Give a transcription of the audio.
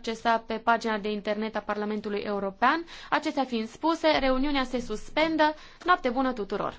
accesa pe pagina de internet a Parlamentului European. Acestea fiind spuse, reuniunea se suspendă. Noapte bună tuturor!